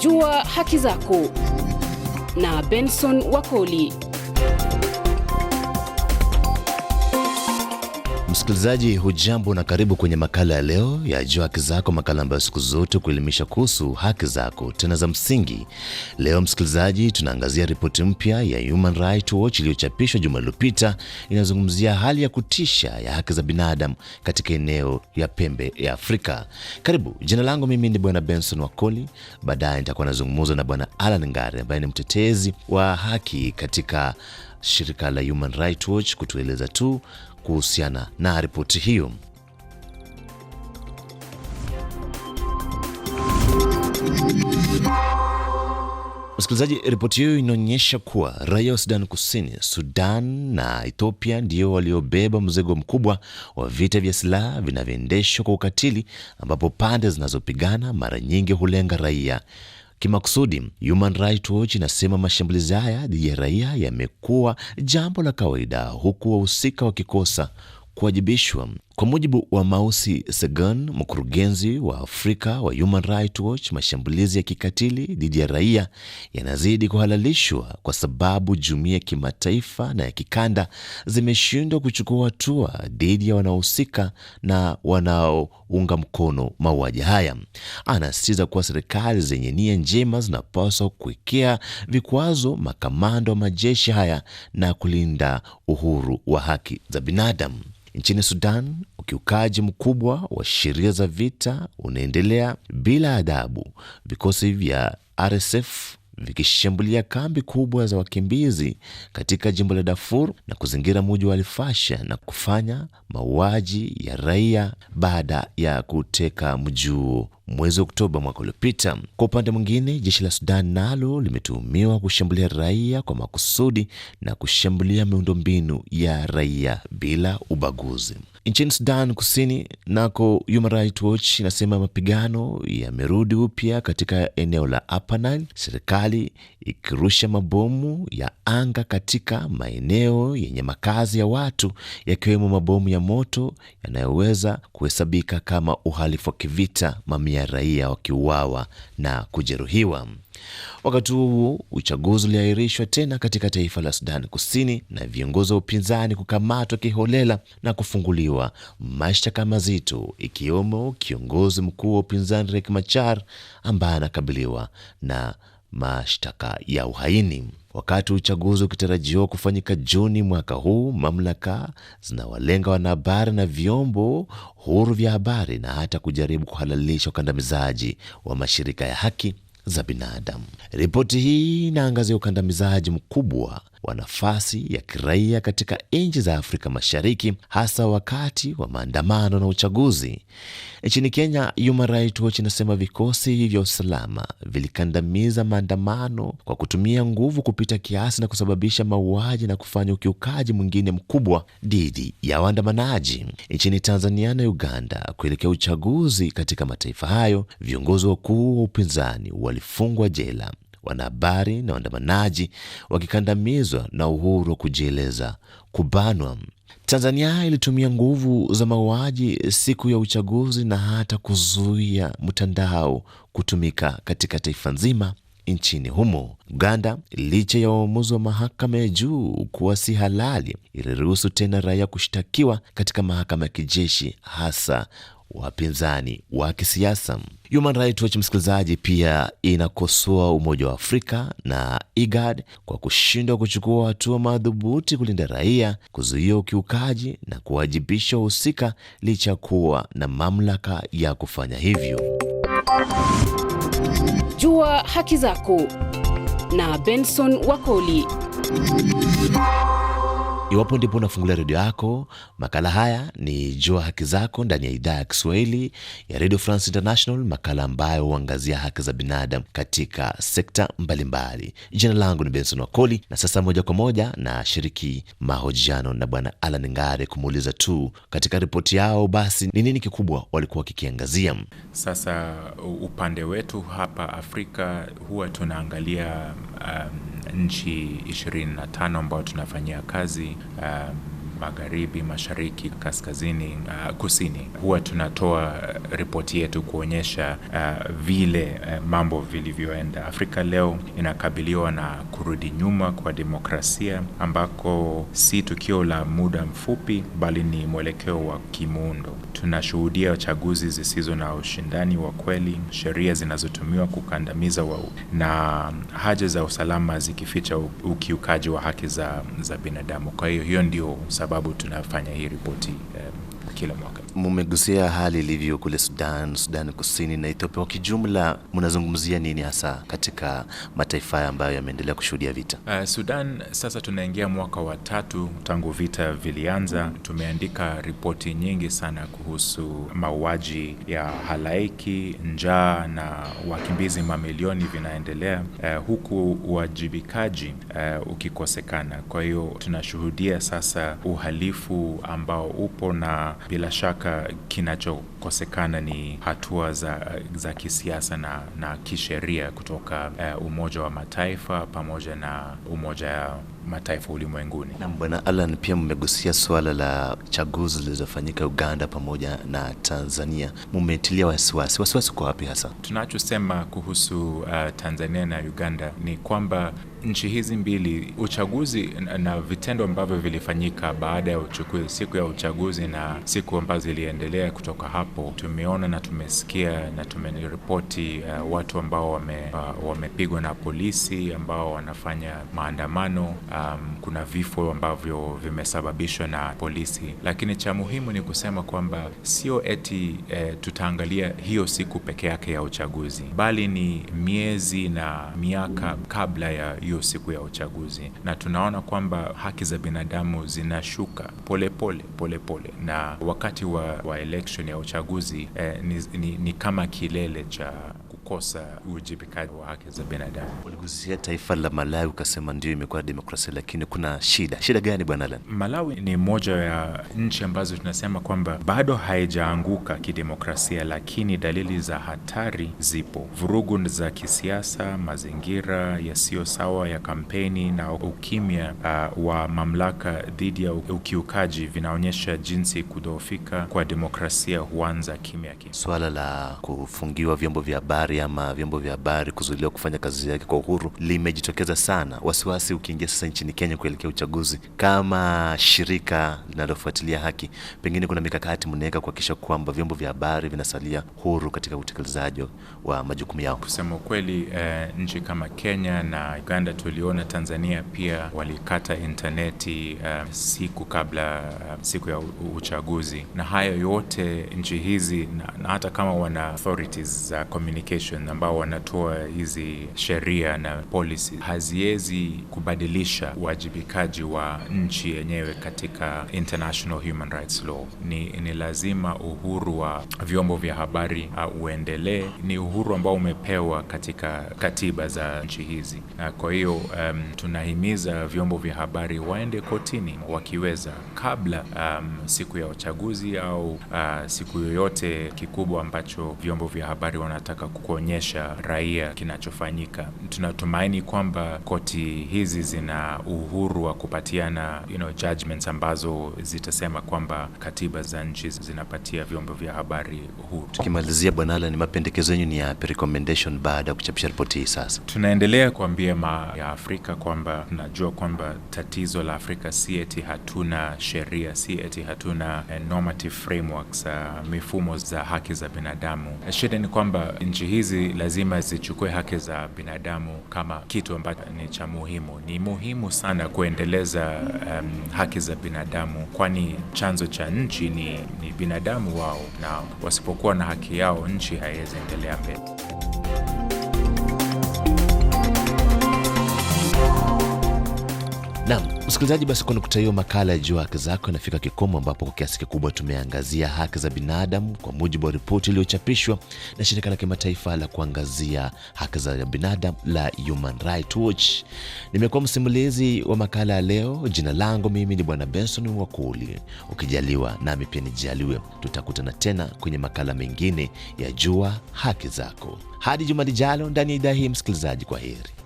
Jua haki zako na Benson Wakoli. Msikilizaji, hujambo na karibu kwenye makala ya leo ya Jua Haki Zako, makala ambayo siku zote kuelimisha kuhusu haki zako tena za msingi. Leo msikilizaji, tunaangazia ripoti mpya ya Human Rights Watch iliyochapishwa juma lililopita, inayozungumzia hali ya kutisha ya haki za binadamu katika eneo ya pembe ya Afrika. Karibu, jina langu mimi ni Bwana Benson Wakoli. Baadaye nitakuwa nazungumza na Bwana Alan Ngare ambaye ni mtetezi wa haki katika shirika la Human Rights Watch kutueleza tu kuhusiana na ripoti hiyo. Msikilizaji, ripoti hiyo inaonyesha kuwa raia wa Sudan Kusini, Sudan na Ethiopia ndio waliobeba mzigo mkubwa wa vita vya silaha vinavyoendeshwa kwa ukatili, ambapo pande zinazopigana mara nyingi hulenga raia kimakusudi. Human Rights Watch inasema mashambulizi haya dhidi ya raia yamekuwa jambo la kawaida, huku wahusika wakikosa kuwajibishwa. Kwa mujibu wa Mausi Segan, mkurugenzi wa Afrika wa Human Rights Watch, mashambulizi ya kikatili dhidi ya raia yanazidi kuhalalishwa kwa sababu jumuiya ya kimataifa na ya kikanda zimeshindwa kuchukua hatua dhidi ya wanaohusika na wanaounga mkono mauaji haya. Anasisitiza kuwa serikali zenye nia njema zinapaswa kuwekea vikwazo makamanda wa majeshi haya na kulinda uhuru wa haki za binadamu. Nchini Sudan, ukiukaji mkubwa wa sheria za vita unaendelea bila adabu. Vikosi vya RSF vikishambulia kambi kubwa za wakimbizi katika jimbo la Darfur na kuzingira muji wa Alfasha na kufanya mauaji ya raia baada ya kuteka mji huo mwezi Oktoba mwaka uliopita. Kwa upande mwingine, jeshi la Sudan nalo limetuhumiwa kushambulia raia kwa makusudi na kushambulia miundombinu ya raia bila ubaguzi. Nchini Sudan Kusini nako Human Rights Watch inasema mapigano yamerudi upya katika eneo la Upper Nile, serikali ikirusha mabomu ya anga katika maeneo yenye makazi ya watu, yakiwemo mabomu ya moto yanayoweza kuhesabika kama uhalifu wa kivita, mamia raia wakiuawa na kujeruhiwa. Wakati huo huo, uchaguzi uliahirishwa tena katika taifa la sudani Kusini na viongozi wa upinzani kukamatwa kiholela na kufunguliwa mashtaka mazito, ikiwemo kiongozi mkuu wa upinzani Riek Machar ambaye anakabiliwa na mashtaka ya uhaini. Wakati uchaguzi ukitarajiwa kufanyika Juni mwaka huu, mamlaka zinawalenga wanahabari na vyombo huru vya habari na hata kujaribu kuhalalisha ukandamizaji wa mashirika ya haki za binadamu. Ripoti hii inaangazia ukandamizaji mkubwa wa nafasi ya kiraia katika nchi za Afrika Mashariki, hasa wakati wa maandamano na uchaguzi. Nchini Kenya, Human Rights Watch inasema vikosi vya usalama vilikandamiza maandamano kwa kutumia nguvu kupita kiasi na kusababisha mauaji na kufanya ukiukaji mwingine mkubwa dhidi ya waandamanaji. Nchini Tanzania na Uganda, kuelekea uchaguzi katika mataifa hayo, viongozi wakuu wa upinzani walifungwa jela wanahabari na waandamanaji wakikandamizwa na uhuru wa kujieleza kubanwa. Tanzania ilitumia nguvu za mauaji siku ya uchaguzi na hata kuzuia mtandao kutumika katika taifa nzima nchini humo. Uganda, licha ya uamuzi wa mahakama ya juu kuwa si halali, iliruhusu tena raia kushtakiwa katika mahakama ya kijeshi, hasa wapinzani wa kisiasa. Human Rights Watch, msikilizaji, pia inakosoa Umoja wa Afrika na IGAD kwa kushindwa kuchukua hatua madhubuti kulinda raia, kuzuia ukiukaji na kuwajibisha wahusika licha ya kuwa na mamlaka ya kufanya hivyo. Jua haki zako na Benson Wakoli. Iwapo ndipo unafungulia redio yako, makala haya ni Jua Haki Zako ndani ya idhaa ya Kiswahili ya Radio France International, makala ambayo huangazia haki za binadamu katika sekta mbalimbali. Jina langu ni Benson Wakoli, na sasa moja kwa moja na shiriki mahojiano na Bwana Alan Ngare kumuuliza tu katika ripoti yao, basi ni nini kikubwa walikuwa kikiangazia. Sasa upande wetu hapa Afrika huwa tunaangalia um, nchi 25 ambayo tunafanyia kazi Um, magharibi, mashariki, kaskazini, uh, kusini. Huwa tunatoa uh, ripoti yetu kuonyesha uh, vile uh, mambo vilivyoenda. Afrika leo inakabiliwa na kurudi nyuma kwa demokrasia ambako si tukio la muda mfupi, bali ni mwelekeo wa kimuundo. Tunashuhudia chaguzi zisizo na ushindani wa kweli, sheria zinazotumiwa kukandamiza wa na haja za usalama zikificha ukiukaji wa haki za, za binadamu. Kwa hiyo hiyo ndio sababu sababu tunafanya hii ripoti um, kila mwaka. Mumegusia hali ilivyo kule Sudan, Sudan Kusini na Ethiopia. Kwa kijumla, mnazungumzia nini hasa katika mataifa haya ambayo yameendelea kushuhudia vita? Uh, Sudan sasa tunaingia mwaka wa tatu tangu vita vilianza. Tumeandika ripoti nyingi sana kuhusu mauaji ya halaiki, njaa na wakimbizi mamilioni vinaendelea, uh, huku uwajibikaji uh, ukikosekana. Kwa hiyo tunashuhudia sasa uhalifu ambao upo na bila shaka mpaka kinachokosekana ni hatua za, za kisiasa na, na kisheria kutoka uh, Umoja wa Mataifa pamoja na Umoja wa Mataifa ulimwenguni. Na Bwana Alan, pia mmegusia suala la chaguzi zilizofanyika Uganda pamoja na Tanzania, mumetilia wasiwasi. Wasiwasi kwa wapi hasa? Tunachosema kuhusu uh, Tanzania na Uganda ni kwamba nchi hizi mbili uchaguzi na vitendo ambavyo vilifanyika baada ya uchukuzi, siku ya uchaguzi na siku ambazo ziliendelea kutoka hapo, tumeona na tumesikia na tumeripoti uh, watu ambao wame, uh, wamepigwa na polisi ambao wanafanya maandamano um, kuna vifo ambavyo vimesababishwa na polisi, lakini cha muhimu ni kusema kwamba sio eti uh, tutaangalia hiyo siku peke yake ya uchaguzi, bali ni miezi na miaka kabla ya hiyo siku ya uchaguzi, na tunaona kwamba haki za binadamu zinashuka polepole polepole pole. Na wakati wa, wa election ya uchaguzi eh, ni, ni, ni kama kilele cha kukosa uwajibikaji wa haki za binadamu. Uligusia taifa la Malawi ukasema ndio imekuwa demokrasia, lakini kuna shida. Shida gani bwana Alan? Malawi ni moja ya nchi ambazo tunasema kwamba bado haijaanguka kidemokrasia, lakini dalili za hatari zipo: vurugu za kisiasa, mazingira yasiyo sawa ya kampeni na ukimya uh, wa mamlaka dhidi ya ukiukaji vinaonyesha jinsi kudhoofika kwa demokrasia huanza kimya kimya. Swala la kufungiwa vyombo vya habari ama vyombo vya habari kuzuiliwa kufanya kazi yake kwa uhuru limejitokeza sana. Wasiwasi ukiingia sasa nchini Kenya kuelekea uchaguzi, kama shirika linalofuatilia haki, pengine kuna mikakati mnaweka kuhakikisha kwamba vyombo vya habari vinasalia huru katika utekelezaji wa majukumu yao? Kusema ukweli, eh, nchi kama Kenya na Uganda tuliona, Tanzania pia walikata intaneti eh, siku kabla eh, siku ya uchaguzi, na hayo yote nchi hizi na, na hata kama wana authorities za communication commission ambao wanatoa hizi sheria na policy haziwezi kubadilisha uwajibikaji wa nchi yenyewe katika international human rights law. Ni, ni lazima uhuru wa vyombo vya habari uh, uendelee. Ni uhuru ambao umepewa katika katiba za nchi hizi, na kwa hiyo um, tunahimiza vyombo vya habari waende kotini wakiweza kabla um, siku ya uchaguzi au uh, siku yoyote kikubwa ambacho vyombo vya habari wanataka kuko kuonyesha raia kinachofanyika. Tunatumaini kwamba koti hizi zina uhuru wa kupatiana you know, judgments ambazo zitasema kwamba katiba za nchi zinapatia vyombo vya habari uhuru. Tukimalizia, Bwana Allan, mapendekezo yenu ni yapi, recommendation baada ya kuchapisha ripoti hii? Sasa tunaendelea kuambia ma ya Afrika kwamba tunajua kwamba tatizo la Afrika si eti hatuna sheria, si eti hatuna eh, normative frameworks, uh, mifumo za haki za binadamu. Shida ni kwamba nchi hii hizi lazima zichukue haki za binadamu kama kitu ambacho ni cha muhimu. Ni muhimu sana kuendeleza um, haki za binadamu, kwani chanzo cha nchi ni, ni binadamu wao, na wasipokuwa na haki yao nchi haiwezi endelea mbele. Msikilizaji, basi kwa nukta hiyo, makala ya Jua Haki Zako inafika kikomo, ambapo kwa kiasi kikubwa tumeangazia haki za binadamu kwa mujibu wa ripoti iliyochapishwa na shirika la kimataifa la kuangazia haki za binadamu la Human Rights Watch. Nimekuwa msimulizi wa makala ya leo. Jina langu mimi ni Bwana Benson Wakuli. Ukijaliwa nami pia nijaliwe, tutakutana tena kwenye makala mengine ya Jua Haki Zako. Hadi juma lijalo ndani ya idhaa hii, msikilizaji, kwa heri.